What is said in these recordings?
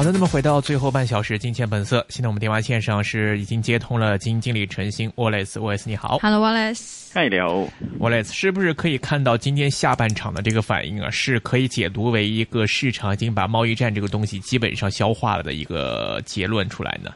好的，那麼回到最後半小時，金錢本色。現在我們電話線上是已經接通了，基金經理陳昕，Wallace，Wallace，你好。Hello，Wallace，嗨，你好，Wallace，是不是可以看到今天下半場的這個反應啊？是可以解讀為一個市場已經把貿易戰這個東西基本上消化了的一個結論出來呢？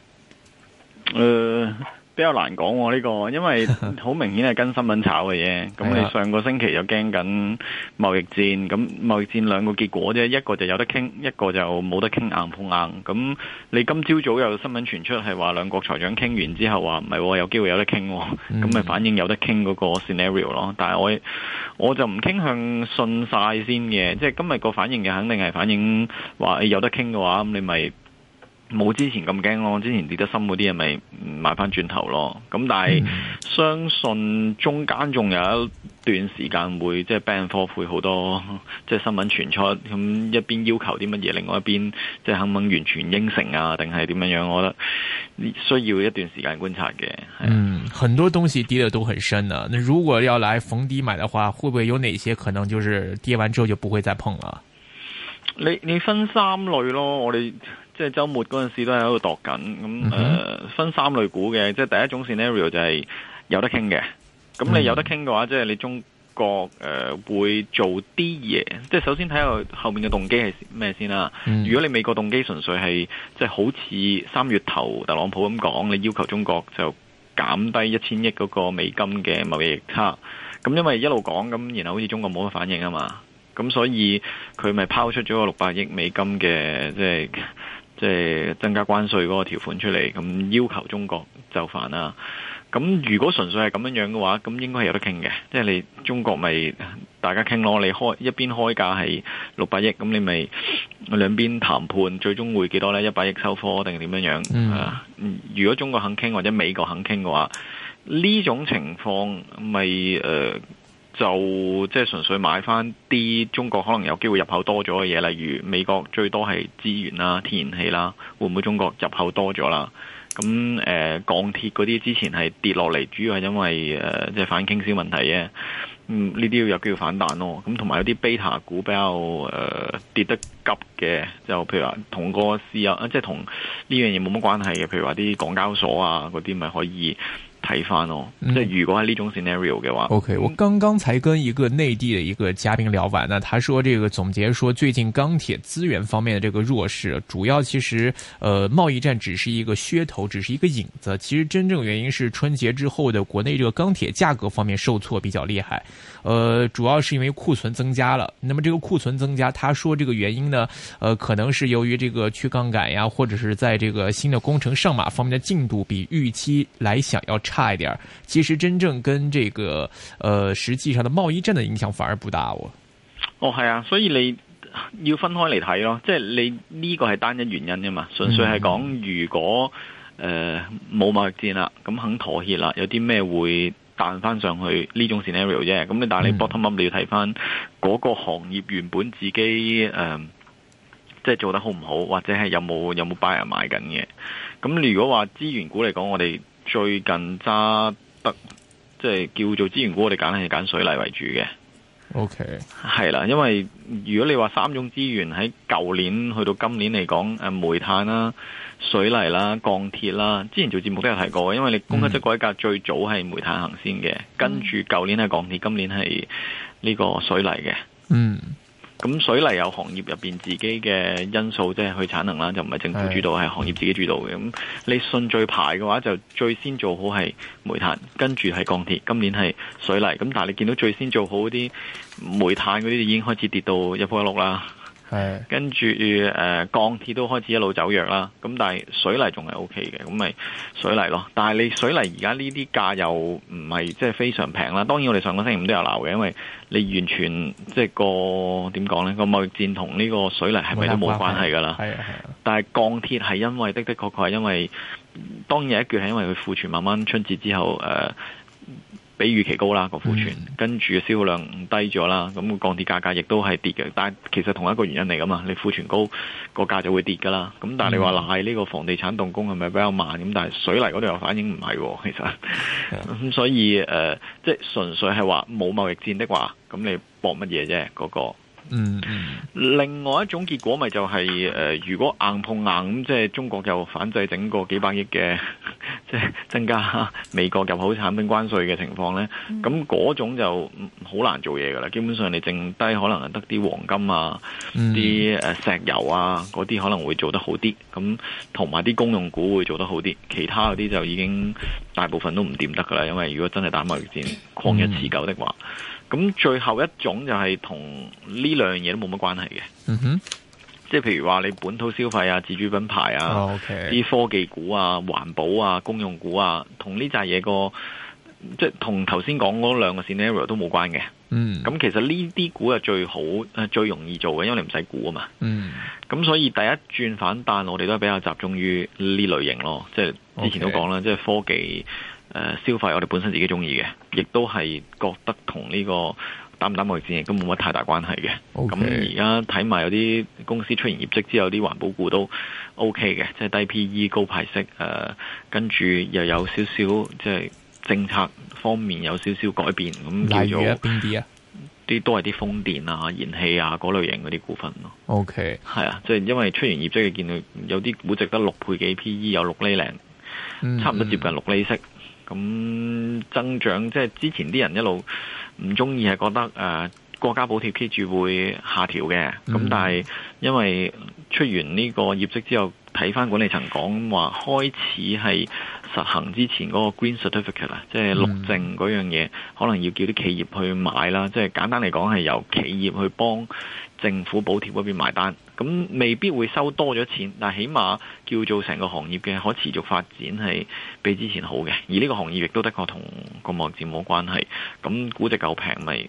呃、uh。比較難講呢、哦呢個，因為好明顯係跟新聞炒嘅嘢。咁 你上個星期又驚緊貿易戰，咁貿易戰兩個結果啫，一個就有得傾，一個就冇得傾硬碰硬。咁你今朝早有新聞傳出係話兩國財長傾完之後話唔係，有機會有得傾、哦，咁咪 反應有得傾嗰個 scenario 咯。但係我我就唔傾向信晒先嘅，即係今日個反應嘅肯定係反映話、哎、有得傾嘅話，咁你咪。冇之前咁驚咯，之前跌得深嗰啲嘢，咪買翻轉頭咯。咁但係相信中間仲有一段時間會、嗯、即係 bank r 配好多，即係新聞傳出，咁一邊要求啲乜嘢，另外一邊即係肯唔肯完全應承啊？定係點樣樣？我覺得需要一段時間觀察嘅。嗯，很多東西跌得都很深嘅，如果要嚟逢低買的話，會不會有哪些可能就是跌完之後就不會再碰啦？你你分三類咯，我哋。即係週末嗰陣時都喺度度緊，咁誒、嗯哼呃、分三類股嘅，即係第一種 scenario 就係有得傾嘅。咁你有得傾嘅話，即係、嗯、哼你中國誒、呃、會做啲嘢，即係首先睇下後面嘅動機係咩先啦、啊。嗯、如果你美國動機純粹係即係好似三月頭特朗普咁講，你要求中國就減低一千億嗰個美金嘅貿易逆差。咁因為一路講咁，然後好似中國冇乜反應啊嘛，咁所以佢咪拋出咗個六百億美金嘅即係。就是即係、呃、增加關稅嗰個條款出嚟，咁要求中國就範啦。咁如果純粹係咁樣樣嘅話，咁應該係有得傾嘅。即係你中國咪大家傾咯，你開一邊開價係六百億，咁你咪兩邊談判，最終會幾多呢？一百億收貨定點樣樣啊、嗯呃？如果中國肯傾或者美國肯傾嘅話，呢種情況咪就即係、就是、純粹買翻啲中國可能有機會入口多咗嘅嘢，例如美國最多係資源啦、天然氣啦，會唔會中國入口多咗啦？咁誒、呃、鋼鐵嗰啲之前係跌落嚟，主要係因為即係、呃就是、反傾銷問題嘅。嗯、呃，呢啲要有機會反彈咯。咁同埋有啲 beta 股比較誒、呃、跌得急嘅，就譬如話同個市有，即、啊、係、就是、同呢樣嘢冇乜關係嘅，譬如話啲港交所啊嗰啲咪可以。睇翻咯，即係、哦、如果係呢種 scenario 嘅話，OK，我剛剛才跟一個內地嘅一個嘉賓聊完，呢他說，這個總結說，最近鋼鐵資源方面的這個弱勢，主要其實，呃，貿易戰只是一個噱頭，只是一個影子，其實真正原因是春節之後的國內這個鋼鐵價格方面受挫比較厲害。呃，主要是因為庫存增加了。那麼這個庫存增加，他說這個原因呢，呃，可能是由於這個去槓桿呀，或者是在這個新的工程上馬方面的進度比預期來想要差一點。其實真正跟這個，呃，實際上的貿易戰的影響反而不大喎。哦，係啊，所以你要分開嚟睇咯，即係你呢個係單一原因啫嘛，純粹係講如果，呃，冇貿易戰啦，咁肯妥協啦，有啲咩會？彈翻上去呢種 scenario 啫，咁但係你 bottom up 你要睇翻嗰個行業原本自己誒，即係做得好唔好，或者係有冇有冇 buy 人買緊嘅。咁如果話資源股嚟講，我哋最近揸得即係叫做資源股，我哋揀係揀水泥為主嘅。OK，係啦，因為如果你話三種資源喺舊年去到今年嚟講，誒，煤炭啦、啊、水泥啦、啊、鋼鐵啦，之前做節目都有提過，因為你供給側改革最早係煤炭行先嘅，嗯、跟住舊年係鋼鐵，今年係呢個水泥嘅，嗯。咁水泥有行業入邊自己嘅因素，即係去產能啦，就唔係政府主導，係的行業自己主導嘅。咁你順序排嘅話，就最先做好係煤炭，跟住係鋼鐵，今年係水泥。咁但係你見到最先做好啲煤炭嗰啲已經開始跌到一仆一碌啦。跟住誒、呃、鋼鐵都開始一路走弱啦，咁但係水泥仲係 O K 嘅，咁咪水泥咯。但係你水泥而家呢啲價又唔係即係非常平啦。當然我哋上個星期五都有鬧嘅，因為你完全即係個點講呢個貿易戰同呢個水泥係咪都冇關係㗎啦？係啊，係啊。但係鋼鐵係因為的的確確係因為當然有一橛係因為佢庫存慢慢春節之後、呃比預期高啦個庫存，嗯、跟住銷量低咗啦，咁鋼鐵價格亦都係跌嘅。但係其實同一個原因嚟㗎嘛，你庫存高個價就會跌㗎啦。咁但係你話賴呢個房地產動工係咪比較慢咁？但係水泥嗰度又反應唔係喎，其實咁、嗯、所以誒、呃，即係純粹係話冇貿易戰的話，咁你搏乜嘢啫嗰個？嗯，嗯另外一種結果咪就係、是呃、如果硬碰硬咁，即係中國又反制整個幾百億嘅，即係增加美國入口產品關稅嘅情況呢。咁嗰、嗯、種就好難做嘢噶啦。基本上你剩低可能得啲黃金啊，啲、嗯啊、石油啊嗰啲可能會做得好啲。咁同埋啲公用股會做得好啲，其他嗰啲就已經大部分都唔掂得噶啦。因為如果真係打貿易戰，曠日持久的話。嗯嗯咁最後一種就係同呢兩嘢都冇乜關係嘅，嗯哼、mm，即、hmm. 係譬如話你本土消費啊、自主品牌啊、啲、oh, okay. 科技股啊、環保啊、公用股啊，同呢扎嘢個即係同頭先講嗰兩個 scenario 都冇關嘅。嗯、mm，咁、hmm. 其實呢啲股係最好最容易做嘅，因為你唔使估啊嘛。嗯、mm，咁、hmm. 所以第一轉反彈，我哋都係比較集中於呢類型咯。即、就、係、是、之前都講啦，即係 Okay. 科技。誒、uh, 消費，我哋本身自己中意嘅，亦都係覺得同呢個打唔打貿易戰亦都冇乜太大關係嘅。咁而家睇埋有啲公司出現業績之後，啲環保股都 OK 嘅，即、就、係、是、低 PE 高、高派息。誒，跟住又有少少即係、就是、政策方面有少少改變，咁叫咗邊啲啊？啲都係啲風電啊、燃氣啊嗰類型嗰啲股份咯。OK，係啊，即、就、係、是、因為出現業績，見到有啲股值得六倍幾 PE，有六厘零，差唔多接近六厘息。Mm hmm. 咁增長，即係之前啲人一路唔鍾意，係覺得誒、呃、國家補貼 keep 住會下調嘅，咁、嗯、但係因為出完呢個業績之後，睇翻管理層講話，開始係實行之前嗰個 Green Certificate 啦，即係綠證嗰樣嘢，可能要叫啲企業去買啦。即係簡單嚟講，係由企業去幫政府補貼嗰邊埋單，咁未必會收多咗錢，但係起碼叫做成個行業嘅可持續發展係比之前好嘅。而呢個行業亦都的確同個貿易戰冇關係，咁估值夠平咪。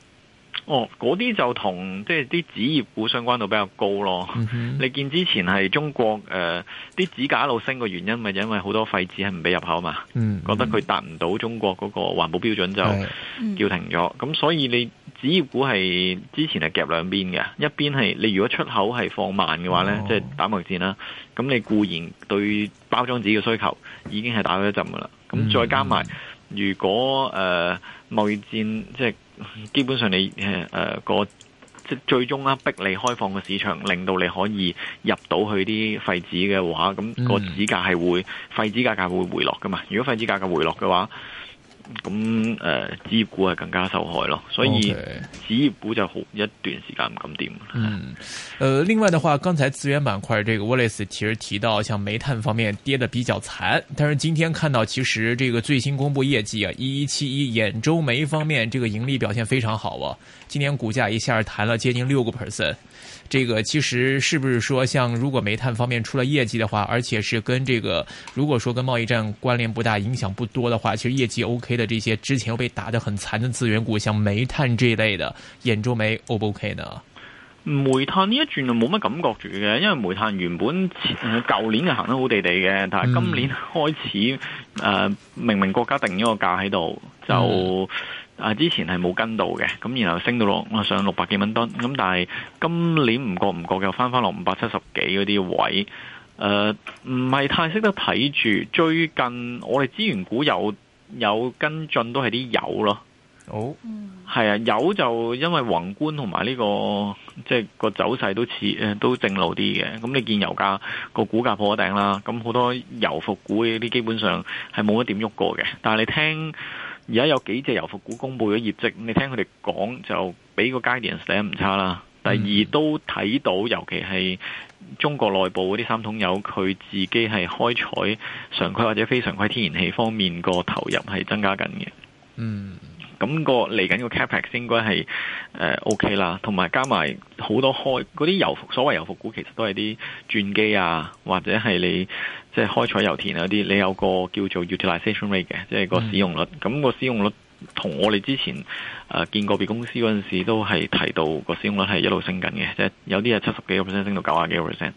哦，嗰啲就同即係啲紙業股相關度比較高咯。Mm hmm. 你見之前係中國誒啲紙價一路升嘅原因咪因為好多廢紙係唔俾入口嘛？Mm hmm. 覺得佢達唔到中國嗰個環保標準就叫停咗。咁、mm hmm. 所以你紙業股係之前係夾兩邊嘅，一邊係你如果出口係放慢嘅話呢，oh. 即係打貿戰啦。咁你固然對包裝紙嘅需求已經係打咗一陣㗎啦，咁再加埋。Mm hmm. 如果誒貿易、呃、戰即係基本上你誒個即最終啦，逼你開放嘅市場，令到你可以入到去啲廢紙嘅話，咁個紙價係會，廢紙價格會回落噶嘛？如果廢紙價格回落嘅話，咁誒，置業股係更加受害咯，所以置業股就好一段時間唔敢掂。Okay. 是嗯，呃，另外的話，剛才資源板塊，這個 Wallace 其實提到，像煤炭方面跌得比較慘，但是今天看到其實這個最新公布業績啊，一一七一兗州煤方面，這個盈利表現非常好啊，今年股價一下彈了接近六個 percent。這個其實是不是說，像如果煤炭方面出了業績的話，而且是跟這個如果說跟貿易戰關聯不大，影響不多的話，其實業績 OK 的這些之前又被打得很慘的資源股，像煤炭這一類的，兗州煤 O 不 OK 呢？煤炭呢一轉就冇乜感覺住嘅，因為煤炭原本舊年就行得好地地嘅，但係今年開始，嗯呃，明明國家定咗個價喺度，就。嗯啊！之前係冇跟到嘅，咁然後升到落上六百幾蚊噸，咁但係今年唔覺唔覺又翻翻落五百七十幾嗰啲位。誒、呃，唔係太識得睇住。最近我哋資源股有有跟進，都係啲油咯。好，係啊，油就因為宏觀同埋呢個即係、就是、個走勢都似誒，都正路啲嘅。咁你見油價、個股價破咗頂啦，咁好多油服股嗰啲基本上係冇乜點喐過嘅。但係你聽。而家有幾隻油服股公布咗業績，你聽佢哋講就俾個 guidance l i 唔差啦。第二都睇到，尤其係中國內部嗰啲三桶油，佢自己係開採常規或者非常規天然氣方面個投入係增加緊嘅。嗯。咁個嚟緊個 CapEx 應該係誒、呃、OK 啦，同埋加埋好多開嗰啲油服，所謂油服股其實都係啲轉機啊，或者係你即係、就是、開採油田啊嗰啲，你有個叫做 utilization rate 嘅，即、就、係、是、個使用率。咁、嗯、個使用率。同我哋之前誒、呃、見過別公司嗰陣時，都係提到個使用率係一路升緊嘅，即係有啲係七十幾個 percent 升到九啊幾個 percent。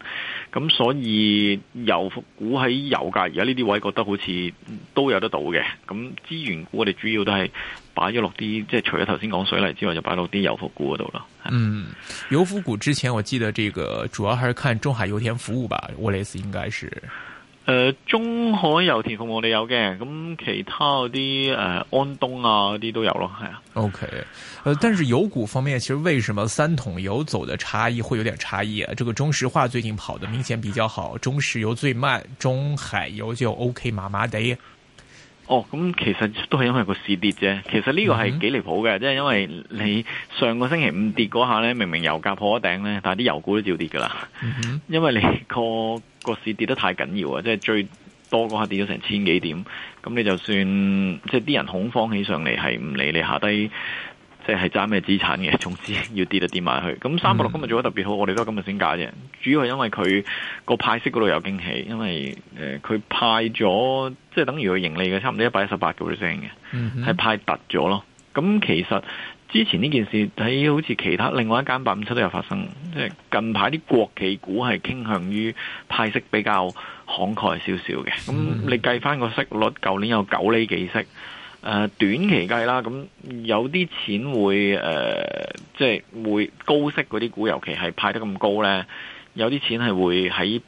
咁、嗯、所以油服股喺油價而家呢啲位覺得好似都有得到嘅。咁、嗯、資源股我哋主要都係擺咗落啲，即係除咗頭先講水泥之外，就擺落啲油服股嗰度咯。嗯，油服股之前，我記得這個主要還是看中海油田服務吧，我諗是應該是。呃、中海油田服務你有嘅，咁其他嗰啲、呃、安東啊嗰啲都有咯，係啊、okay. 呃。OK，但是油股方面，其實為什麼三桶油走的差異會有點差異？這個中石化最近跑得明顯比較好，中石油最慢，中海油就 OK，麻麻地。哦，咁其實都係因為個市跌啫。其實呢個係幾離譜嘅，即係、mm hmm. 因為你上個星期五跌嗰下呢，明明油價破咗頂呢，但係啲油股都照跌㗎喇。Mm hmm. 因為你個個市跌得太緊要啊，即係最多嗰下跌咗成千幾點，咁你就算即係啲人恐慌起上嚟，係唔理你下低。即係揸咩資產嘅，總之要跌就跌埋去。咁三百六今日做得特別好，我哋都今日升價啫。主要係因為佢個派息嗰度有驚喜，因為佢、呃、派咗，即、就、係、是、等於佢盈利嘅差唔多一百一十八個 percent 嘅，係、嗯、哼派突咗咯。咁其實之前呢件事喺好似其他另外一間八五七都有發生，即係近排啲國企股係傾向於派息比較慷慨少少嘅。咁你計翻個息率，舊年有九厘幾息。誒短期計啦，咁有啲錢會誒、呃，即係會高息嗰啲股，尤其係派得咁高呢。有啲錢係會喺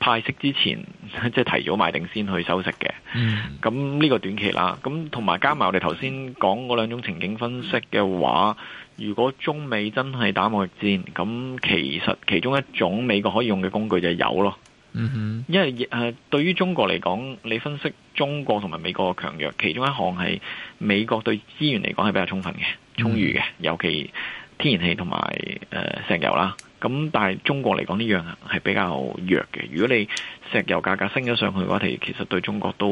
派息之前即係提早買定先去收息嘅。咁呢、嗯、個短期啦，咁同埋加埋我哋頭先講嗰兩種情景分析嘅話，如果中美真係打貿易戰，咁其實其中一種美國可以用嘅工具就有咯。嗯哼，因為誒，對於中國嚟講，你分析中國同埋美國嘅強弱，其中一項係美國對資源嚟講係比較充分嘅、充裕嘅，尤其天然氣同埋誒石油啦。咁但係中國嚟講呢樣係比較弱嘅。如果你石油價格升咗上去嘅話，其實對中國都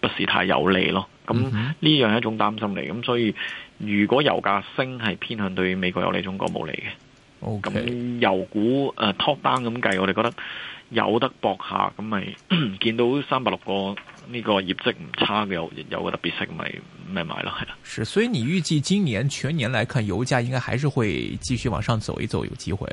不是太有利咯。咁呢樣係一種擔心嚟，咁所以如果油價升係偏向對美國有利、中國冇利嘅。咁 Okay. 油股、uh, top down 咁計，我哋覺得有得搏下，咁咪 見到三百六個呢個業績唔差，有有個特別息，咪咪買咯？係啦。是，所以你預計今年全年嚟看，油價應該還是會繼續往上走一走，有機會。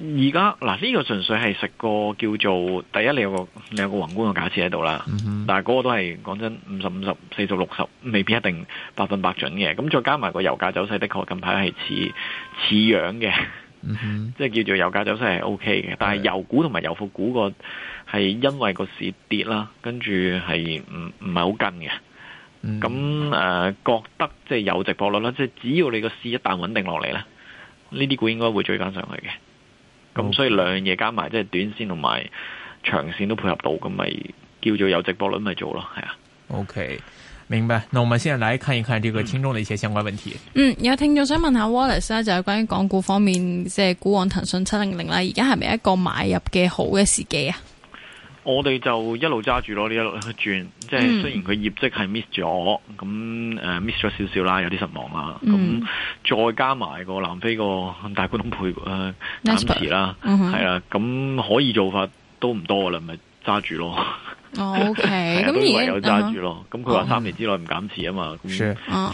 而家嗱，呢、啊呢個純粹係食個叫做第一，你有個你有個宏觀嘅假設喺度啦。Mm hmm. 但係嗰個都係講真，五十五十、四十六十，未必一定百分百準嘅。咁再加埋個油價走勢，的確近排係似似樣嘅。Mm hmm. 即係叫做油價走勢係 O K 嘅，但係油股同埋油服股個係因為個市跌啦，是不不是很跟住係唔唔係好近嘅，咁誒、mm hmm. 呃、覺得即係有值博率啦，即係只要你個市一旦穩定落嚟咧，呢啲股應該會追翻上去嘅。咁 Okay. 所以兩樣嘢加埋，即係短線同埋長線都配合到，咁咪叫做有值博率咪做咯，係啊。O K。明白，那我們現在來看一一看這個聽眾的一些相關問題。嗯，有聽眾想問一下 Wallace 啦，就係關於港股方面，即係股王騰訊七零零啦，而家係咪一個買入嘅好嘅時機啊？我哋就一路揸住咯，呢一路去轉，即係雖然佢業績係 miss 咗，咁誒、uh, miss 咗少少啦，有啲失望啦，咁、嗯、再加埋個南非個大股東配誒減持啦，係、呃、啦，咁可以做法都唔多噶啦，咪揸住咯。OK，咁你唯有揸住咯。咁佢話三年之內唔減持啊嘛，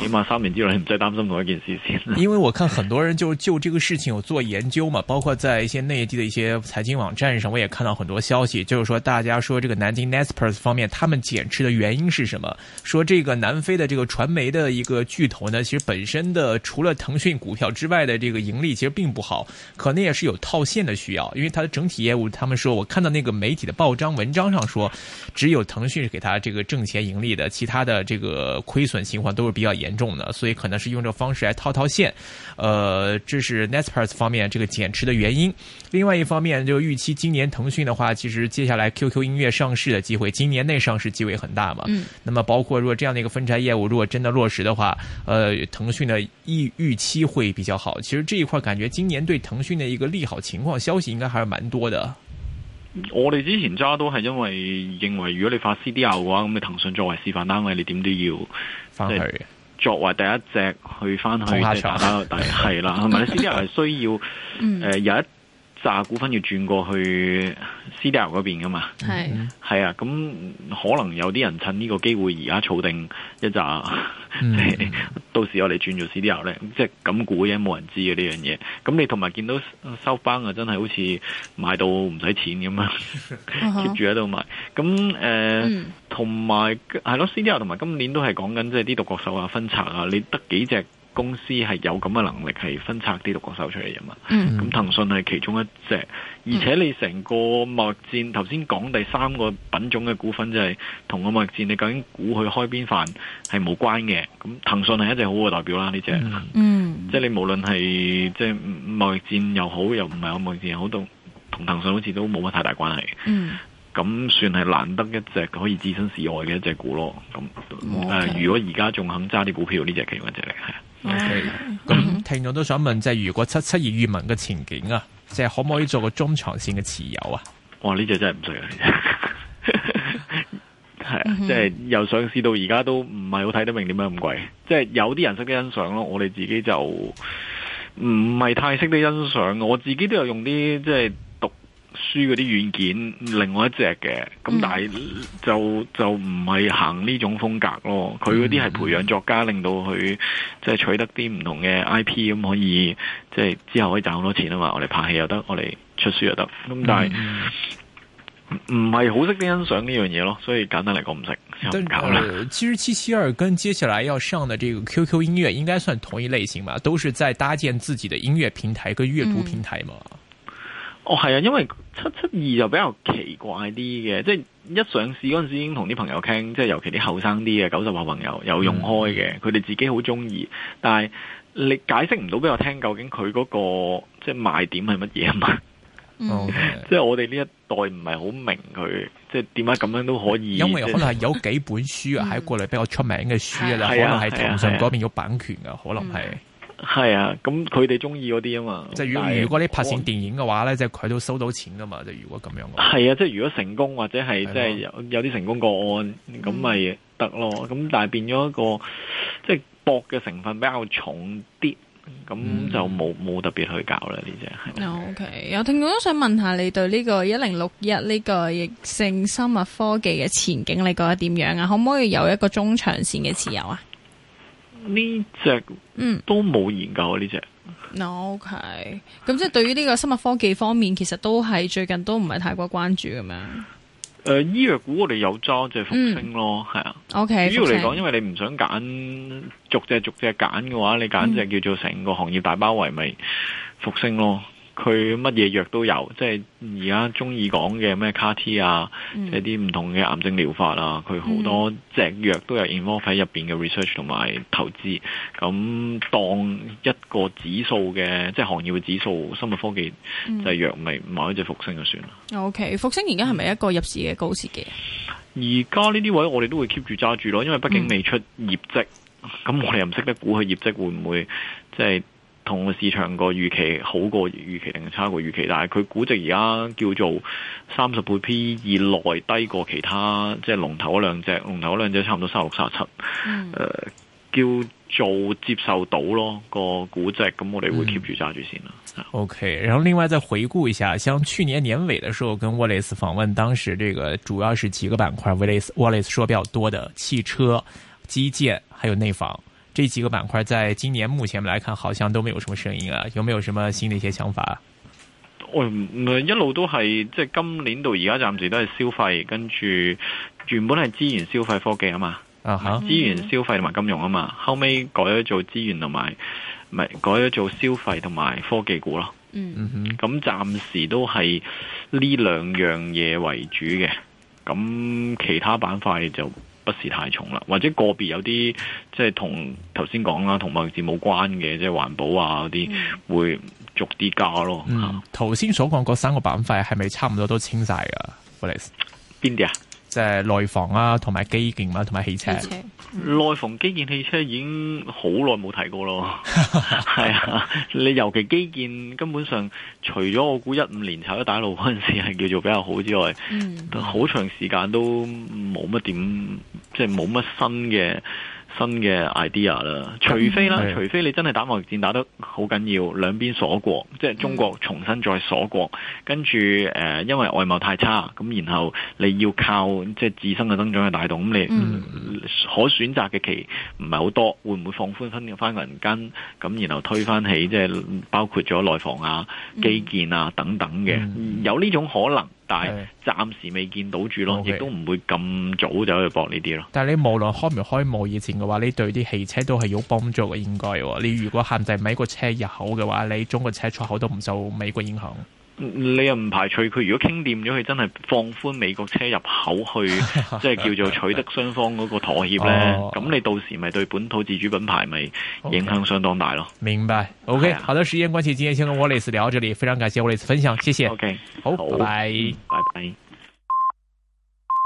起碼三年之內唔再擔心同一件事先。因為我看很多人就就這個事情有做研究嘛，包括在一些內地的一些財經網站上，我也看到很多消息，就是說大家說這個南京 Naspers 方面，他們減持的原因是什麼？說這個南非的這個傳媒的一個巨頭呢，其實本身的除了騰訊股票之外的這個盈利其實並不好，可能也是有套現的需要，因為它的整體業務，他們說我看到那個媒體的報章文章上說。只有騰訊是給它這個掙錢盈利的，其他的這個虧損情況都是比較嚴重的，所以可能是用這個方式來套套現。呃，這是 Naspers 方面這個減持的原因。另外一方面，就預期今年騰訊的話，其實接下來 QQ 音樂上市的機會，今年內上市機會很大嘛。嗯。那麼包括如果這樣的一個分拆業務如果真的落實的話，呃，騰訊的預預期會比較好。其實這一塊感覺今年對騰訊的一個利好情況消息應該還是蠻多的。我哋之前揸都係因為認為，如果你發 C D R 嘅話，咁你騰訊作為示範單位，你點都要即係作為第一隻去翻去打打打，大家係啦，同埋你 C D R 係需要誒、呃、有一扎股份要轉過去 C D R 嗰邊噶嘛。係係啊，咁可能有啲人趁呢個機會而家儲定一紮。嗯 到時我哋轉做 CDR 咧，即係咁估嘅，冇人知嘅呢樣嘢。咁你同埋見到收翻啊，真係好似賣到唔使錢咁樣，keep 住喺度賣。咁、呃、誒，同埋係咯，CDR 同埋今年都係講緊即係啲獨角獸啊、分拆啊，你得幾隻？公司係有咁嘅能力係分拆啲獨角獸出嚟啊嘛，咁、嗯、騰訊係其中一隻，而且你成個貿易戰頭先講第三個品種嘅股份就係同個貿易戰，你究竟估佢開邊飯係冇關嘅，咁騰訊係一隻好嘅代表啦呢隻，嗯、 即係你無論係即係貿易戰又好，又唔係個貿易戰又好都同騰訊好似都冇乜太大關係，咁、嗯、算係難得一隻可以置身事外嘅一隻股咯，咁如果而家仲肯揸啲股票，呢隻其中一隻嚟咁聽眾都想問，就係如果七七二閱文嘅前景啊，即係可唔可以做個中長線嘅持有啊？哇，呢隻真係唔識啊，係啊， 是 mm hmm. 即係由上市到而家都唔係好睇得明點解咁貴，即係有啲人識得欣賞咯，我哋自己就唔係太識得欣賞，我自己都有用啲即係。書嗰啲軟件，另外一隻嘅，咁但係就就唔係行呢種風格咯。佢嗰啲係培養作家，令到佢即係取得啲唔同嘅 IP，咁可以即係之後可以賺好多錢啊嘛。我哋拍戲又得，我哋出書又得。咁但係唔係好識啲欣賞呢樣嘢咯，所以簡單嚟講唔識。但、呃、其實七七二跟接下來要上嘅這個 QQ 音樂應該算同一類型吧，都是在搭建自己的音樂平台跟閱讀平台嘛？嗯、哦，係啊，因為。七七二就比較奇怪啲嘅，即係一上市嗰陣時已經同啲朋友傾，即係尤其啲後生啲嘅九十後朋友有用開嘅，佢哋、嗯、自己好中意，但係你解釋唔到俾我聽究竟佢嗰個即係賣點係乜嘢啊嘛？即係我哋呢一代唔係好明佢，即係點解咁樣都可以，因為可能係有幾本書啊，喺國內比較出名嘅書啊、嗯、可能係騰訊嗰邊有版權啊，嗯、可能係。係啊，咁佢哋中意嗰啲啊嘛，即係如如果你拍線電影嘅話咧，即係佢都收到錢噶嘛，就如果咁樣嘅。係啊，即係如果成功或者係即係有有啲成功個案，咁咪得咯。咁、嗯、但係變咗一個即係搏嘅成分比較重啲，咁就冇冇、嗯、特別去搞啦呢隻。啊、OK，有聽都想問下你對呢個一零六一呢個億勝生物科技嘅前景，你覺得點樣啊？可唔可以有一個中長線嘅持有啊？ 呢隻嗯，都冇研究啊呢隻。嗯、OK，咁即係對於呢個生物科技方面，其實都係最近都唔係太過關注咁樣。誒、呃，醫藥股我哋有揸，即係復星咯，係啊。OK，主要嚟講，復星因為你唔想揀逐隻逐隻揀嘅話，你揀隻叫做成個行業大包圍咪復星咯。佢乜嘢藥都有，即係而家中意講嘅咩 CAR-T 啊，即係啲唔同嘅癌症療法啦。佢好多隻藥都有 involve 喺入邊嘅 research 同埋投資。咁、嗯、當一個指數嘅，即係行業嘅指數，生物科技就係藥，咪買隻復星就算啦。O K，復星而家係咪一個入市嘅高時機？而家呢啲位我哋都會 keep 住揸住咯，因為畢竟未出業績，咁、嗯、我哋又唔識得估佢業績會唔會即係？同個市場個預期好過預期定係差過預期，但係佢估值而家叫做三十倍 P 以內，低過其他即係龍頭嗰兩隻，龍頭嗰兩隻差唔多三十六、三十七、嗯，誒、呃、叫做接受到咯、那個估值，咁我哋會 keep 住揸住先啦。嗯、是 OK，然後另外再回顧一下，像去年年尾嘅時候，跟 Wallace 訪問，當時這個主要是幾個板塊，Wallace Wallace 說比較多的汽車、基建，還有內房。這幾個板塊在今年目前來看，好像都沒有什麼聲音啊？有沒有什麼新的一些想法？我、嗯、一路都係即係今年到而家，暫時都係消費，跟住原本係資源、消費、科技啊嘛，啊哈、uh-huh. 資源、消費同埋金融啊嘛，後尾改咗做資源同埋，唔係改咗做消費同埋科技股咯。嗯嗯、uh-huh. 咁暫時都係呢兩樣嘢為主嘅，咁其他板塊就。不是太重啦，或者個別有啲即係同頭先講啦，同貿易戰冇關嘅，即係環保啊嗰啲，嗯、會逐啲加咯。頭先，嗯、所講嗰三個板塊，係咪差唔多都清晒㗎？Boris 邊啲啊？即係內房啊，同埋基建啊，同埋汽車。內房、基建、汽車已經好耐冇提過咯。係 啊，你尤其基建根本上，除咗我估一五年炒咗大陸嗰陣時係叫做比較好之外，好 長時間都冇乜點，即係冇乜新嘅。新嘅 idea 啦，除非啦，除非你真係打貿易戰打得好緊要，兩邊鎖國，即係中國重新再鎖國，嗯、跟住誒、呃、因為外貿太差，咁然後你要靠即係自身嘅增長去帶動，咁你可選擇嘅期唔係好多，會唔會放寬翻個翻個人間，咁然後推翻起即係包括咗內房啊、嗯、基建啊等等嘅，嗯嗯、有呢種可能。但係暫時未見到住咯，Okay. 亦都唔會咁早就去搏呢啲咯。但係你無論開唔開幕以前嘅話，你對啲汽車都係有幫助嘅，應該。你如果限制美國車入口嘅話，你中國車出口都唔受美國影響。你又唔排除佢如果傾掂咗，佢真係放寬美國車入口去。 即係叫做取得雙方嗰個妥協呢。咁 你到時咪對本土自主品牌咪影響相當大咯。Okay. 明白，OK，好的，時間關係，今日先跟 Wallace 聊到這裏，非常感謝 Wallace 分享，謝謝。OK，好，好 bye bye 拜拜，拜拜。